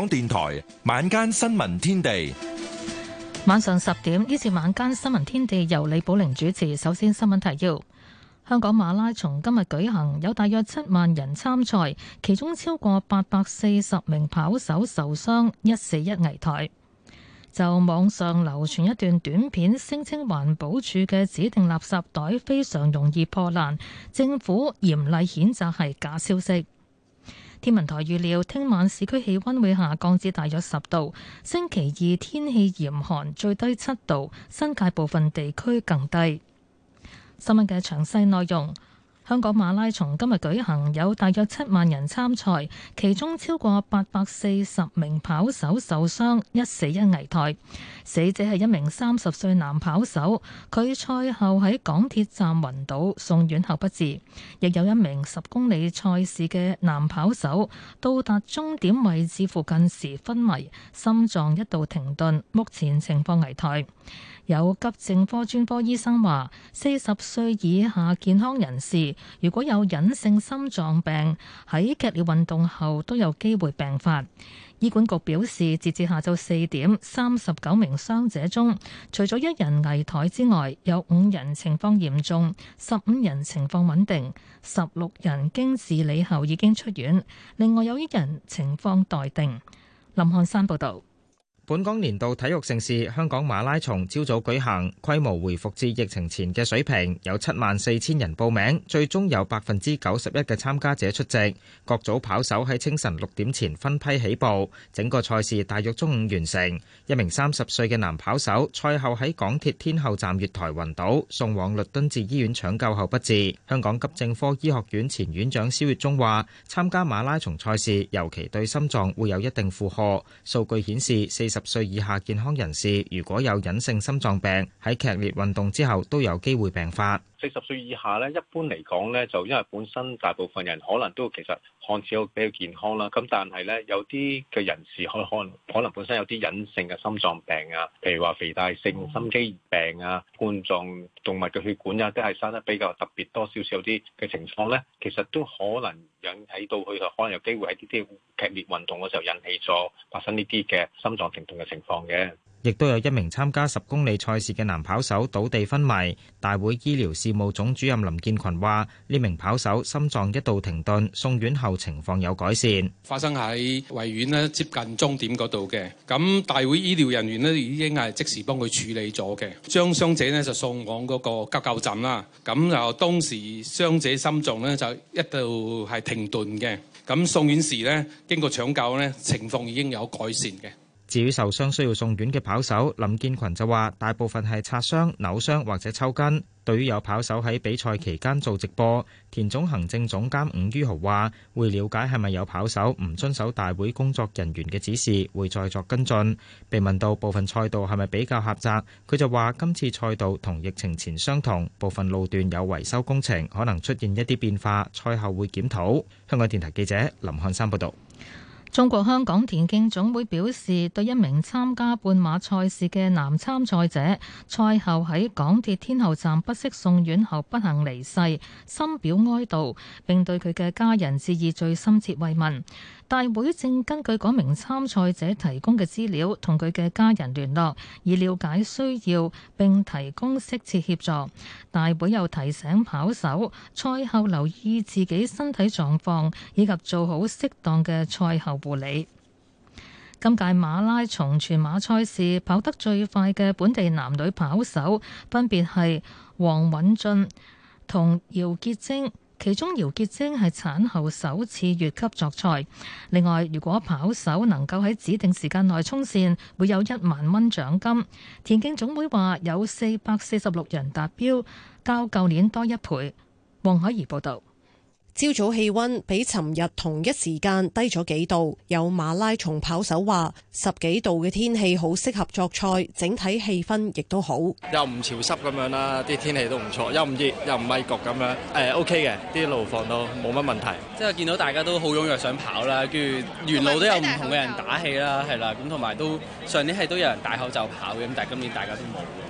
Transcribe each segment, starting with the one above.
港電台晚間新聞天地，晚上十點，呢次晚間新聞天地由李寶玲主持。首先，新聞提要：香港馬拉松今日舉行，有大約七萬人參賽，其中超過八百四十名跑手受傷，一死一危殆。就網上流傳一段短片，聲稱環保署嘅指定垃圾袋非常容易破爛，政府嚴厲譴責係假消息。天文台預料，聽晚市區氣溫會下降至大約十度，星期二天氣嚴寒，最低七度，新界部分地區更低。新聞嘅詳細內容。香港馬拉松今日舉行，有大約七萬人參賽，其中超過八百四十名跑手受傷，一死一危殆。死者係一名三十歲男跑手，佢賽後喺港鐵站暈倒，送院後不治。亦有一名十公里賽事嘅男跑手，到達終點位置附近時昏迷，心臟一度停頓，目前情況危殆。有急症科專科醫生話：四十歲以下健康人士如果有隱性心臟病，喺劇烈運動後都有機會病發。醫管局表示，截至下晝四點，三十九名傷者中，除咗一人危殆之外，有五人情況嚴重，十五人情況穩定，十六人經治理後已經出院，另外有一人情況待定。林漢山報導。本港年度體育盛事香港馬拉松朝早舉行，規模回復至疫情前嘅水平，有七萬四千人報名，最終有百分之九十一嘅參加者出席。各組跑手喺清晨六點前分批起步，整個賽事大約中午完成。一名三十歲嘅男跑手賽後喺港鐵天后站月台暈倒，送往律敦治醫院搶救後不治。香港急症科醫學院前院長蕭粵中話：參加馬拉松賽事尤其對心臟會有一定負荷。數據顯示，四十。四十歲以下健康人士如果有隱性心臟病，喺劇烈運動之後都有機會病發。四十歲以下咧，一般嚟講咧，就因為本身大部分人可能都其實。按照比較健康啦，咁但係咧，有啲嘅人士可能可能本身有啲隱性嘅心臟病啊，譬如話肥大性心肌病啊、冠狀動脈嘅血管啊，都係生得比較特別多少少啲嘅情況咧，其實都可能引起到佢就可能有機會喺啲劇烈運動嘅時候引起咗發生呢啲嘅心臟停頓嘅情況嘅。亦都有一名參加十公里賽事嘅男跑手倒地昏迷。大會醫療事務總主任林建群話，呢名跑手心臟一度停頓，送院後情況有改善。發生喺維園呢，接近終點嗰度嘅。咁大會醫療人員呢已經係即時幫佢處理咗嘅，將傷者呢就送往嗰個急救站啦。咁就當時傷者心臟呢就一度係停頓嘅。咁送院時呢，經過搶救呢，情況已經有改善嘅。至於受傷需要送院嘅跑手，林建群就話：大部分係擦傷、扭傷或者抽筋。對於有跑手喺比賽期間做直播，田總行政總監伍於豪話：會了解係咪有跑手唔遵守大會工作人員嘅指示，會再作跟進。被問到部分賽道係咪比較狹窄，佢就話：今次賽道同疫情前相同，部分路段有維修工程，可能出現一啲變化，賽後會檢討。香港電台記者林漢山報道。中國香港田徑總會表示，對一名參加半馬賽事嘅男參賽者賽後喺港鐵天后站不適送院後不幸離世，深表哀悼，並對佢嘅家人致以最深切慰問。大會正根據嗰名參賽者提供嘅資料同佢嘅家人聯絡，以了解需要並提供適切協助。大會又提醒跑手賽後留意自己身體狀況，以及做好適當嘅賽後。護理。今屆馬拉松全馬賽事跑得最快嘅本地男女跑手，分別係黃允俊同姚潔貞。其中姚潔貞係產後首次越級作賽。另外，如果跑手能夠喺指定時間內衝線，會有一萬蚊獎金。田徑總會話有四百四十六人達標，較舊年多一倍。黃海怡報道。朝早氣温比尋日同一時間低咗幾度，有馬拉松跑手話：十幾度嘅天氣好適合作賽，整體氣氛亦都好，又唔潮濕咁樣啦，啲天氣都唔錯，又唔熱又唔咪焗咁樣，誒 O K 嘅，啲路況都冇乜問題。即係見到大家都好踴躍想跑啦，跟住沿路都有唔同嘅人打氣啦，係啦，咁同埋都上年係都有人戴口罩跑嘅，咁但係今年大家都冇。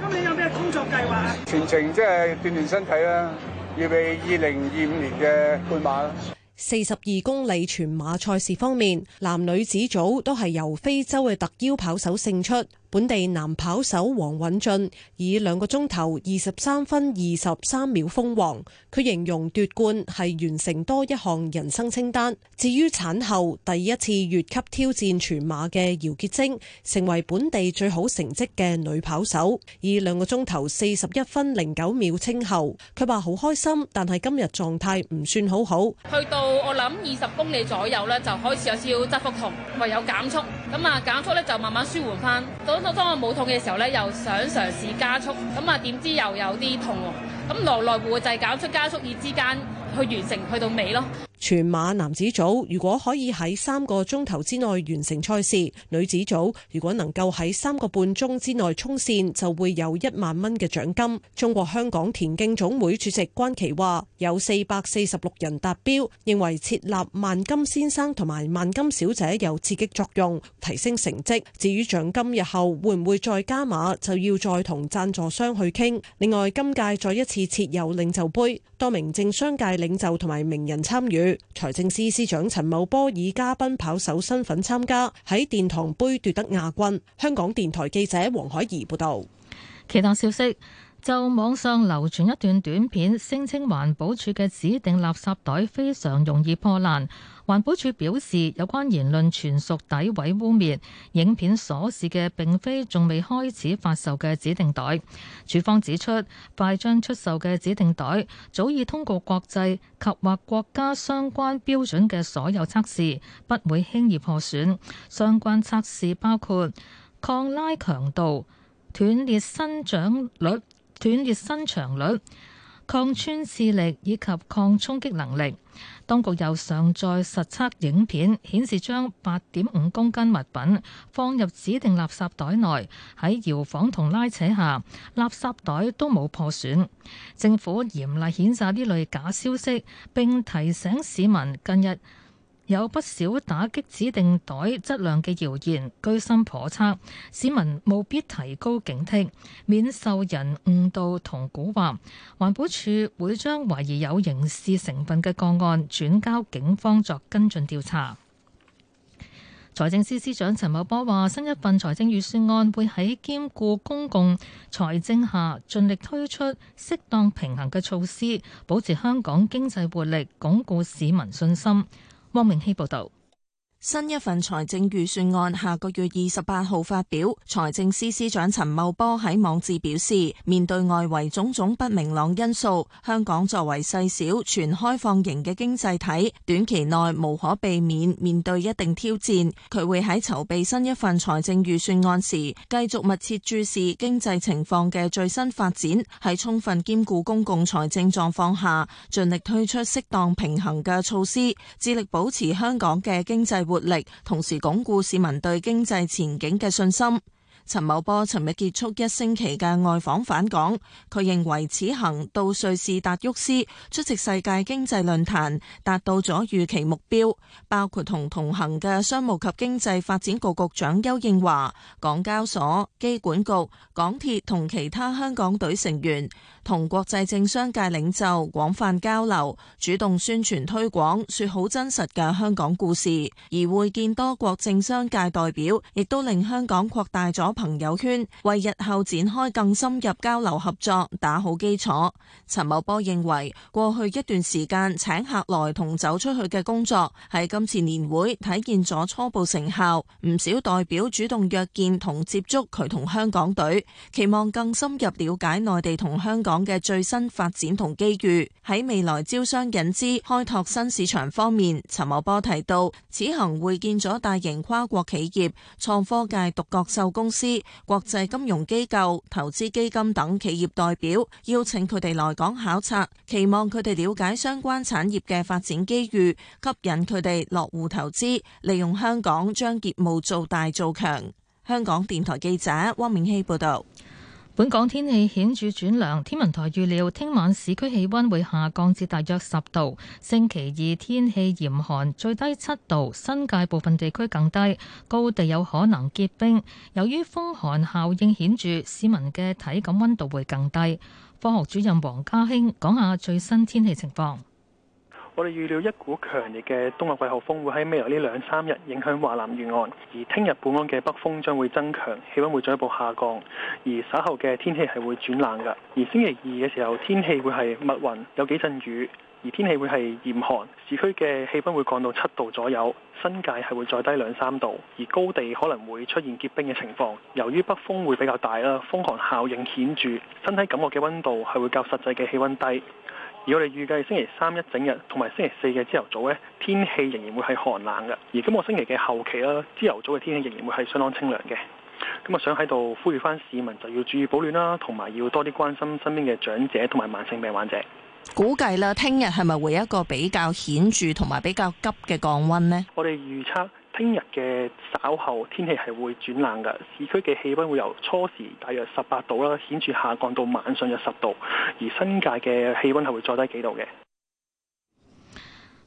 今年有咩工作計劃？全程即係鍛煉身體啦，預備二零二五年嘅半馬啦。四十二公里全馬賽事方面，男女子組都係由非洲嘅特邀跑手勝出。本地男跑手黃尹雋以兩個鐘頭二十三分二十三秒封王，佢形容奪冠係完成多一項人生清單。至於產後第一次越級挑戰全馬嘅姚潔貞成為本地最好成績嘅女跑手，以兩個鐘頭四十一分零九秒稱后，佢話好開心，但係今日狀態唔算好好。去到我諗二十公里左右呢，就開始有少少側腹痛，唯有減速。咁啊，減速呢就慢慢舒緩翻。當我冇痛嘅時候呢又想嘗試加速，咁啊點知又有啲痛喎，咁來來回回就係減速加速與之間。去完成去到尾咯。全馬男子組如果可以喺三個鐘頭之內完成賽事，女子組如果能夠喺三個半鐘之內衝線就會有一萬蚊嘅獎金。中國香港田徑總會主席關琦話有四百四十六人達標，認為設立萬金先生同埋萬金小姐有刺激作用，提升成績，至於獎金日後會唔會再加碼就要再同贊助商去傾。另外，今屆再一次設有領袖盃，多名政商界領。領袖同埋名人參與，財政司司長陳茂波以嘉賓跑手身份參加喺殿堂杯奪得亞軍。香港電台記者黃海怡報道。其他消息。就網上流傳一段短片，聲稱環保署嘅指定垃圾袋非常容易破爛。環保署表示，有關言論全屬詆毀污蔑。影片所示嘅並非仲未開始發售嘅指定袋。署方指出，快將出售嘅指定袋早已通過國際及或國家相關標準嘅所有測試，不會輕易破損。相關測試包括抗拉強度、斷裂伸長率。斷裂伸長率、抗穿刺力以及抗衝擊能力。當局又上載實測影片，顯示將八點五公斤物品放入指定垃圾袋內，喺搖晃同拉扯下，垃圾袋都冇破損。政府嚴厲譴責呢類假消息，並提醒市民近日，有不少打擊指定袋質量嘅謠言，居心叵測，市民務必提高警惕，免受人誤導同蠱惑。環保署會將懷疑有刑事成分嘅個案轉交警方作跟進調查。財政司司長陳茂波話：新一份財政預算案會喺兼顧公共財政下，盡力推出適當平衡嘅措施，保持香港經濟活力，鞏固市民信心。汪明希報道。新一份財政預算案下個月二十八號發表，財政司司長陳茂波喺網誌表示，面對外圍種種不明朗因素，香港作為細小全開放型嘅經濟體，短期內無可避免面對一定挑戰。佢會喺籌備新一份財政預算案時，繼續密切注視經濟情況嘅最新發展，喺充分兼顧公共財政狀況下，盡力推出適當平衡嘅措施，致力保持香港嘅經濟。活力，同時鞏固市民對經濟前景嘅信心。陳茂波尋日結束一星期嘅外訪返港，佢認為此行到瑞士達沃斯出席世界經濟論壇達到咗預期目標，包括同同行嘅商務及經濟發展局局長邱應華、港交所、機管局、港鐵同其他香港隊成員，同國際政商界領袖廣泛交流，主動宣傳推廣，說好真實嘅香港故事；而會見多國政商界代表，亦都令香港擴大咗朋友圈，為日後展開更深入交流合作打好基礎。陳茂波認為，過去一段時間請客來同走出去嘅工作，喺今次年會體現咗初步成效，唔少代表主動約見同接觸佢同香港隊，期望更深入了解內地同香港嘅最新發展同機遇，喺未來招商引資、開拓新市場方面，陳茂波提到，此行會見咗大型跨國企業、創科界獨角獸公司、國際金融機構、投資基金等企業代表，邀請佢哋來港考察，期望佢哋了解相關產業嘅發展機遇，吸引佢哋落戶投資，利用香港將業務做大做強。香港電台記者汪明希報導。本港天氣顯著轉涼，天文台預料聽晚市區氣溫會下降至大約十度，星期二天氣嚴寒，最低七度，新界部分地區更低，高地有可能結冰。由於風寒效應顯著，市民嘅體感温度會更低。科學主任王家興講下最新天氣情況。我哋預料一股強烈嘅冬季季候風會喺未來呢兩三日影響華南沿岸，而聽日本安嘅北風將會增強，氣温會進一步下降，而稍後嘅天氣係會轉冷㗎。而星期二嘅時候天氣會係密雲，有幾陣雨，而天氣會係嚴寒，市區嘅氣温會降到七度左右，新界係會再低兩三度，而高地可能會出現結冰嘅情況。由於北風會比較大啦，風寒效應顯著，身體感覺嘅温度係會較實際嘅氣温低。而我哋預計星期三一整日同埋星期四嘅朝頭早咧，天氣仍然會係寒冷嘅。而今個星期嘅後期啦，朝頭早嘅天氣仍然會係相當清涼嘅。咁啊，想喺度呼籲翻市民就要注意保暖啦，同埋要多啲關心身邊嘅長者同埋慢性病患者。估計啦，聽日係咪會有一個比較顯著同埋比較急嘅降温呢？我哋預測。聽日嘅稍後天氣係會轉冷嘅，市區嘅氣温會由初時大約十八度啦，顯著下降到晚上約十度，而新界嘅氣温係會再低幾度嘅。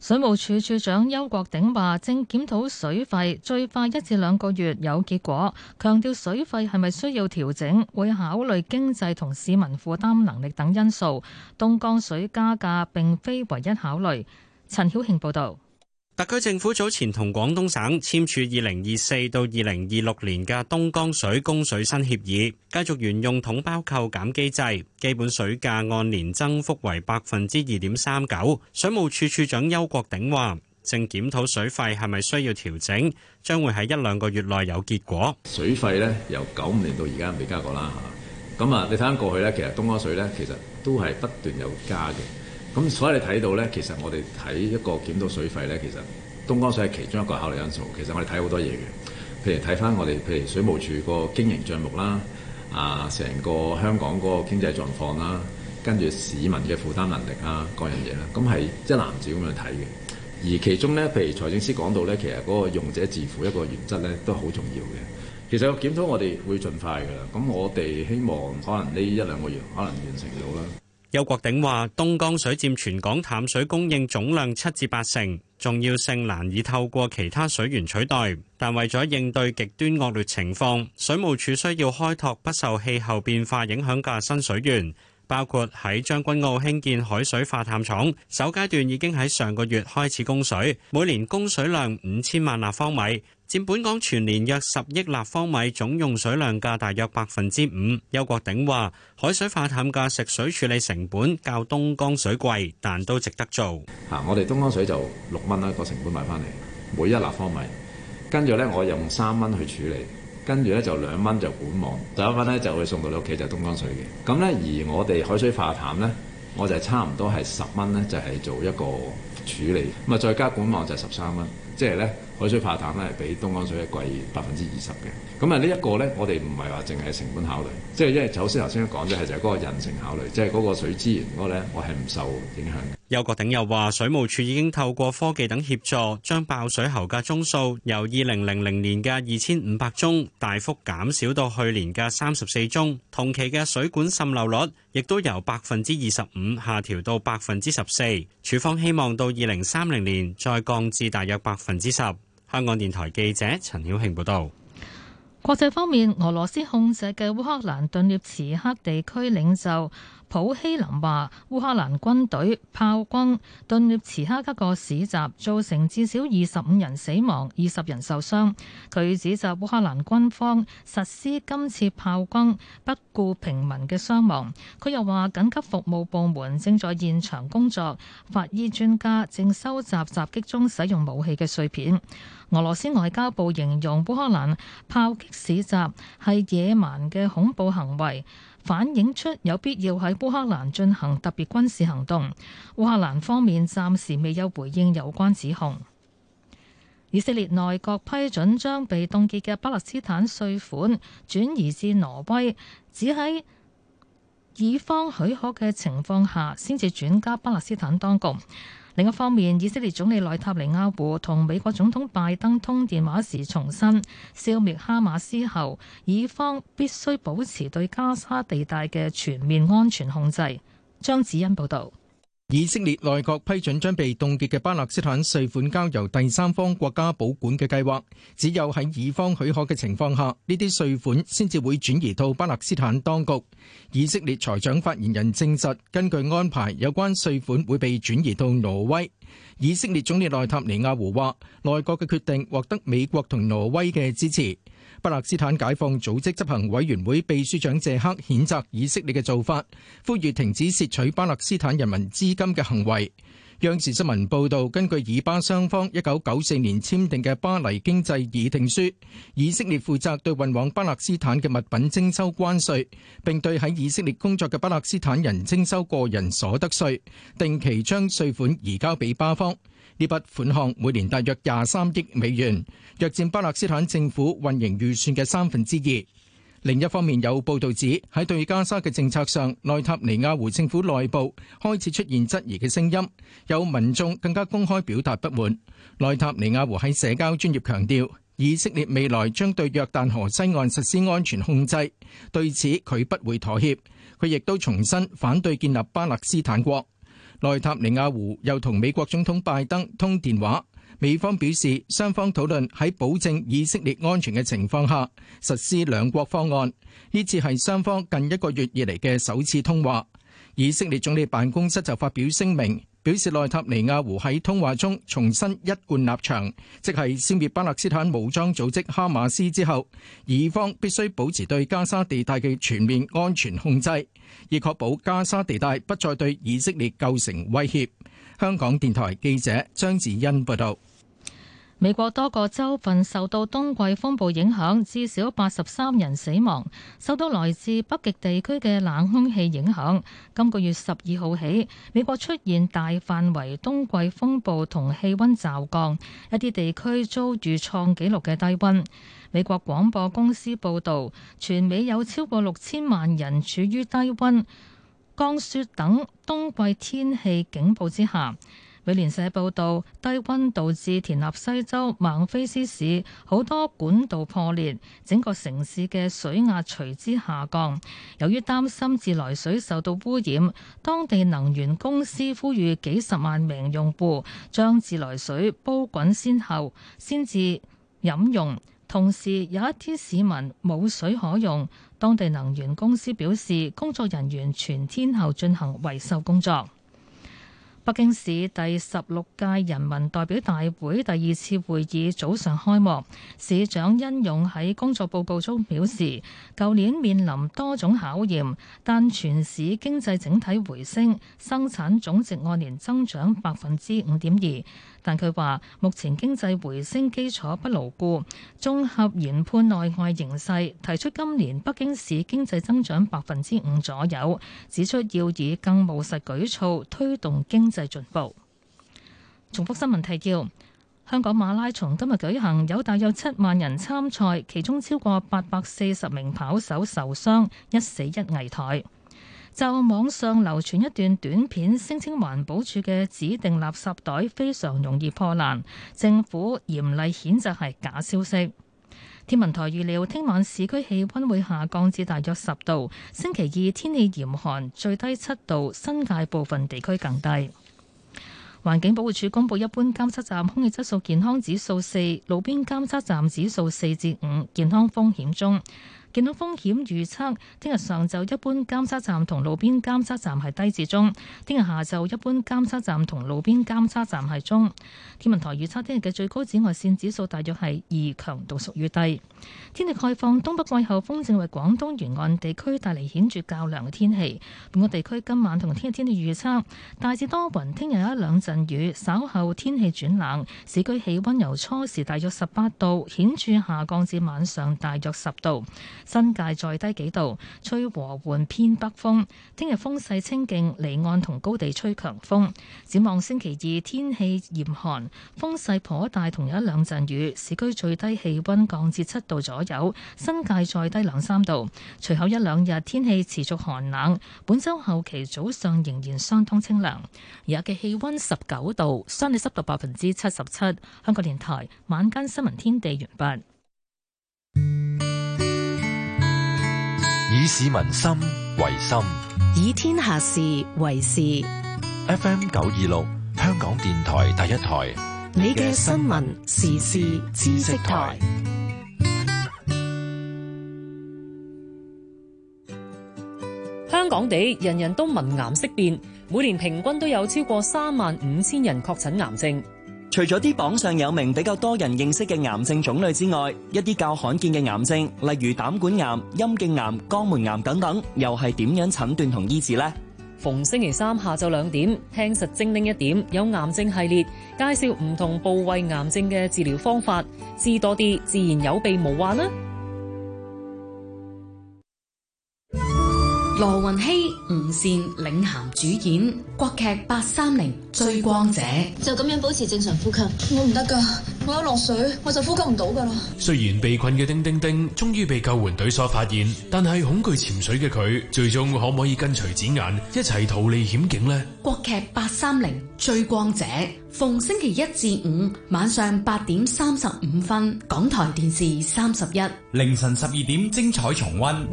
水務署署署長邱國鼎話：正檢討水費，最快一至兩個月有結果，強調水費係咪需要調整，會考慮經濟同市民負擔能力等因素。東江水加價並非唯一考慮。陳曉慶報導。特區政府早前同廣東省簽署2024到2026年嘅東江水供水新協議，繼續沿用統包扣減機制，基本水價按年增幅為百分之二點三九。水務署署長邱國鼎話，正檢討水費係咪需要調整，將會喺一兩個月內有結果。水費咧由九五年到而家未加過啦吓，咁啊你睇返過去咧，其實東江水咧其實都係不斷有加嘅。咁所以你睇到呢，其實我哋睇一個檢討水費呢，其實東江水係其中一個考慮因素。其實我哋睇好多嘢嘅，譬如睇翻我哋譬如水務署個經營賬目啦，啊，成個香港嗰個經濟狀況啦，跟住市民嘅負擔能力啊，各樣嘢啦，咁係即係一籃子咁樣睇嘅。而其中呢，譬如財政司講到呢，其實嗰個用者自付一個原則呢，都好重要嘅。其實個檢討我哋會盡快㗎啦。咁我哋希望可能呢一兩個月可能完成到啦。邱國鼎話，東江水占全港淡水供應總量七至八成，重要性難以透過其他水源取代。但為咗應對極端惡劣情況，水務署需要開拓不受氣候變化影響嘅新水源，包括喺將軍澳興建海水化淡廠，首階段已經喺上個月開始供水，每年供水量五千萬立方米。佔本港全年約十億立方米總用水量嘅大約百分之五。邱國鼎話：海水化淡嘅食水處理成本較東江水貴，但都值得做。嚇、啊，我哋東江水就六蚊啦，個成本買翻嚟，每一立方米。跟住咧，我用三蚊去處理，跟住咧就兩蚊就管網。第一蚊咧就會送到你屋企就東江水嘅。咁咧，而我哋海水化淡咧，我就差唔多係十蚊咧，就係、是、做一個處理。咁啊，再加管網就十三蚊，即係咧。海水化淡係比東江水貴百分之二十嘅。咁啊，呢一個呢，我哋唔係話淨係成本考慮，即係因為首先似頭先講嘅係就係嗰個人性考慮，即係嗰個水資源嗰呢，我係唔受影響嘅。邱國鼎又話，水務署已經透過科技等協助，將爆水喉嘅宗數由二零零零年嘅二千五百宗大幅減少到去年嘅三十四宗，同期嘅水管滲漏率亦都由百分之二十五下調到百分之十四，署方希望到二零三零年再降至大約百分之十。香港電台記者陳曉慶報道。國際方面，俄羅斯控制嘅烏克蘭頓涅茨克地區領袖普希林話，烏克蘭軍隊炮轟頓涅茨克一個市集，造成至少二十五人死亡、二十人受傷。佢指責烏克蘭軍方實施今次炮轟，不顧平民嘅傷亡。佢又話，緊急服務部門正在現場工作，法醫專家正收集襲擊中使用武器嘅碎片。俄羅斯外交部形容烏克蘭炮擊市集係野蠻嘅恐怖行為，反映出有必要喺烏克蘭進行特別軍事行動。烏克蘭方面暫時未有回應有關指控。以色列內閣批准將被凍結嘅巴勒斯坦稅款轉移至挪威，只喺以方許可嘅情況下先至轉交巴勒斯坦當局。另一方面，以色列總理內塔尼亞胡同美國總統拜登通電話時重申，消滅哈馬斯後，以方必須保持對加沙地帶嘅全面安全控制。張子欣報道。以色列內閣批准將被凍結嘅巴勒斯坦稅款交由第三方國家保管嘅計劃，只有喺以方許可嘅情況下，呢啲稅款先至會轉移到巴勒斯坦當局。以色列財長發言人證實，根據安排，有關稅款會被轉移到挪威。以色列總理內塔尼亞胡話，內閣嘅決定獲得美國同挪威嘅支持。巴勒斯坦解放組織執行委員會秘書長謝克譴責以色列嘅做法，呼籲停止竊取巴勒斯坦人民資金嘅行為。央視新聞報道，根據以巴雙方一九九四年簽訂嘅巴黎經濟議定書，以色列負責對運往巴勒斯坦嘅物品徵收關稅，並對喺以色列工作嘅巴勒斯坦人徵收個人所得稅，定期將稅款移交俾巴方。呢筆款項每年大約廿三億美元，約佔巴勒斯坦政府運營預算嘅三分之二。另一方面，有報道指喺對加沙嘅政策上，內塔尼亞胡政府內部開始出現質疑嘅聲音，有民眾更加公開表達不滿。內塔尼亞胡喺社交專業強調，以色列未來將對約旦河西岸實施安全控制，對此佢不會妥協。佢亦都重申反對建立巴勒斯坦國。內塔尼亞胡又同美國總統拜登通電話，美方表示，雙方討論喺保證以色列安全嘅情況下，實施兩國方案，呢次係雙方近一個月以嚟嘅首次通話。以色列總理辦公室就發表聲明，表示內塔尼亞胡喺通話中重申一貫立場，即係消滅巴勒斯坦武裝組織哈馬斯之後，以方必須保持對加沙地帶嘅全面安全控制，以確保加沙地帶不再對以色列構成威脅。香港電台記者張子欣報道，美國多個州份受到冬季風暴影響，至少八十三人死亡。受到來自北極地區嘅冷空氣影響，今個月十二號起，美國出現大範圍冬季風暴同氣温驟降，一啲地區遭遇創紀錄嘅低温。美國廣播公司報導，全美有超過六千萬人處於低温、降雪等冬季天氣警報之下。《美聯社》報導，低温導致田納西州孟菲斯市好多管道破裂，整個城市嘅水壓隨之下降。由於擔心自來水受到污染，當地能源公司呼籲幾十萬名用戶將自來水煲滾先後先至飲用。同時，有一啲市民冇水可用，當地能源公司表示，工作人員全天候進行維修工作。北京市第十六屆人民代表大會第二次會議早上開幕，市長殷勇喺工作報告中表示，舊年面臨多種考驗，但全市經濟整體回升，生產總值按年增長百分之五點二。但佢話，目前經濟回升基礎不牢固，綜合研判內外形勢，提出今年北京市經濟增長百分之五左右。指出要以更務實舉措推動經濟進步。重複新聞提要：香港馬拉松今日舉行，有大約七萬人參賽，其中超過八百四十名跑手受傷，一死一危殆。就網上流傳一段短片，聲稱環保署嘅指定垃圾袋非常容易破爛，政府嚴厲譴責係假消息。天文台預料聽晚市區氣温會下降至大約十度，星期二天氣嚴寒，最低七度，新界部分地區更低。環境保護署公布，一般監測站空氣質素健康指數四，路邊監測站指數四至五，健康風險中。健康風險預測：聽日上晝一般監測站同路邊監測站係低至中；聽日下晝一般監測站同路邊監測站係中。天文台預測聽日嘅最高紫外線指數大約係二，強度屬於低。天氣概況，東北季候風正為廣東沿岸地區帶嚟顯著較涼嘅天氣。本個地區今晚同聽日天氣預測大致多雲，聽日有一兩陣雨，稍後天氣轉冷。市區氣温由初時大約十八度顯著下降至晚上大約十度。新界再低幾度，吹和緩偏北風。聽日風勢清勁，離岸同高地吹強風。展望星期二天氣嚴寒，風勢頗大，同有一兩陣雨。市區最低氣温降至七度左右，新界再低兩三度。隨後一兩日天氣持續寒冷。本週後期早上仍然相當清涼。而家嘅氣温十九度，相對濕度百分之七十七。香港電台晚間新聞天地完畢。以市民心為心，以天下事為事。FM 九二六，香港電台第一台，你嘅新聞時事知識台。香港地人人都聞癌色變，每年平均都有超過三萬五千人確診癌症。除咗啲榜上有名、比較多人認識嘅癌症種類之外，一啲較罕見嘅癌症，例如膽管癌、陰莖癌、肛門癌等等，又係點樣診斷同醫治呢？逢星期三下晝兩點，聽實精靈一點，有癌症系列介紹唔同部位癌症嘅治療方法，知多啲，自然有備無患啦。羅雲熙、吳倩、領銜主演國劇《八三零追光者》，就咁樣保持正常呼吸，我唔得噶，我一落水我就呼吸唔到噶啦。雖然被困嘅丁丁丁終於被救援隊所發現，但係恐懼潛水嘅佢，最終可唔可以跟隨紫顏一齊逃離險境呢？國劇《八三零追光者》逢星期一至五晚上八點三十五分，港台電視三十一，凌晨十二點精彩重溫。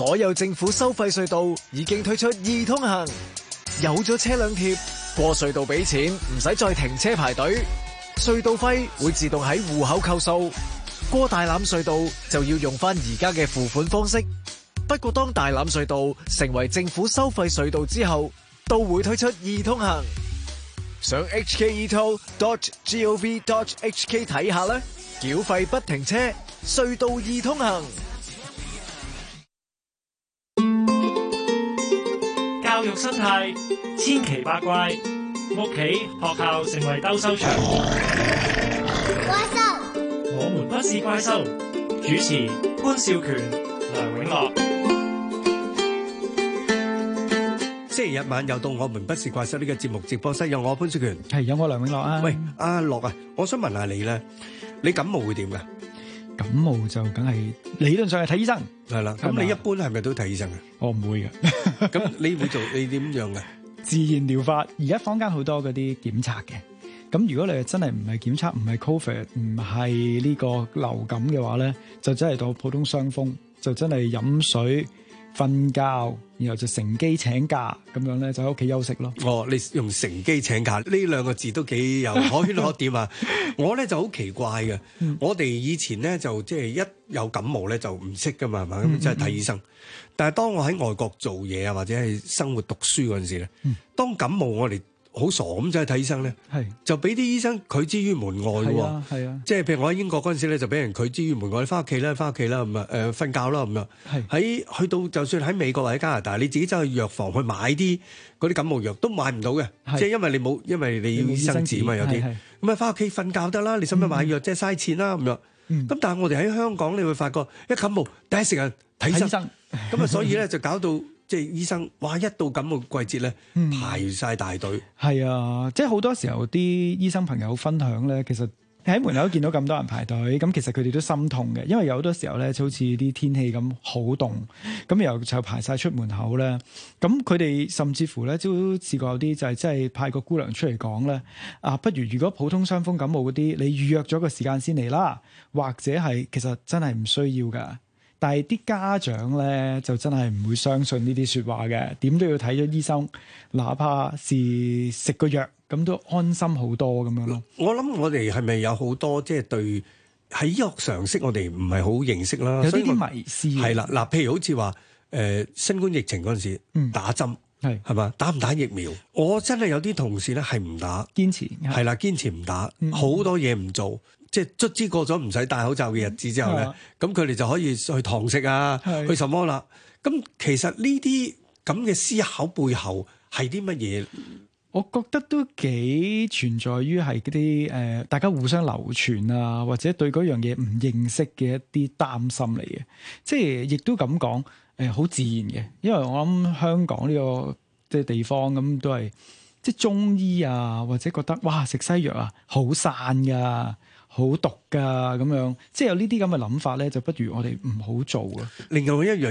所有政府收費隧道已經推出易通行，有咗車輛貼過隧道俾錢，唔使再停車排隊。隧道費會自動喺戶口扣數。過大欖隧道就要用返而家嘅付款方式。不過當大欖隧道成為政府收費隧道之後，都會推出易通行。上 hketoll dot gov dot hk 睇下啦，繳費不停車，隧道易通行。生態千奇百怪，屋企學校成為兜收場。怪獸，我們不是怪獸。主持潘少權、梁永樂。星期日晚又到我們不是怪獸呢個節目直播室，有我潘少權，係有我梁永樂啊。喂，阿樂啊，我想問下你咧，你感冒會點噶？感冒就梗係理論上係睇醫生。係啦，咁你一般係咪都睇醫生噶？我唔會嘅。咁你會做？你點樣嘅？自然療法，而家坊間好多嗰啲檢測嘅。咁如果你係真係唔係檢測，唔係 Covid，唔係呢個流感嘅話咧，就真係到普通傷風，就真係飲水。瞓覺，然後就乘機請假咁樣咧，就喺屋企休息咯。哦，你用乘機請假呢兩個字都幾有可圈可點啊！ 我咧就好奇怪嘅，嗯、我哋以前咧就即係一有感冒咧就唔識㗎嘛，係嘛？咁即係睇醫生。但係當我喺外國做嘢啊，或者係生活讀書嗰陣時咧，嗯、當感冒我哋。好傻咁走去睇醫生咧，就俾啲醫生拒之於門外嘅喎，即係譬如我喺英國嗰陣時咧，就俾人拒之於門外，你翻屋企啦，翻屋企啦，咁啊，誒瞓覺啦，咁樣。喺去到就算喺美國或者加拿大，你自己走去藥房去買啲嗰啲感冒藥都買唔到嘅，即係因為你冇，因為你要醫生紙啊嘛有啲，咁啊翻屋企瞓覺得啦，你使唔使買藥？即係嘥錢啦，咁樣。咁但係我哋喺香港，你會發覺一感冒第一時間睇醫生，咁啊所以咧就搞到。即係醫生，哇！一到感冒季節咧，嗯、排晒大隊。係啊，即係好多時候啲醫生朋友分享咧，其實喺門口見到咁多人排隊，咁 其實佢哋都心痛嘅，因為有好多時候咧，就好似啲天氣咁好凍，咁又就排晒出門口咧。咁佢哋甚至乎咧，都試過有啲就係真係派個姑娘出嚟講咧啊，不如如果普通傷風感冒嗰啲，你預約咗個時間先嚟啦，或者係其實真係唔需要噶。但係啲家長咧就真係唔會相信呢啲説話嘅，點都要睇咗醫生，哪怕是食個藥咁都安心好多咁樣咯。我諗我哋係咪有好多即係、就是、對喺醫學常識我哋唔係好認識啦，有啲啲迷思。係 啦樂，嗱，譬 如好似話誒新冠疫情嗰陣時打針係係嘛，打唔打疫苗？我真係有啲同事咧係唔打，堅持係啦，了堅持唔打，好、嗯、多嘢唔做。即係卒之過咗唔使戴口罩嘅日子之後咧，咁佢哋就可以去堂食啊，是去什麼啦、啊？咁其實呢啲咁嘅思考背後係啲乜嘢？我覺得都幾存在於係嗰啲誒，大家互相流傳啊，或者對嗰樣嘢唔認識嘅一啲擔心嚟嘅。即係亦都咁講誒，好、呃、自然嘅，因為我諗香港呢個嘅地方咁都係即係中醫啊，或者覺得哇食西藥啊好散㗎、啊。好毒㗎咁樣，即係有呢啲咁嘅諗法咧，就不如我哋唔好做啊！另外一樣。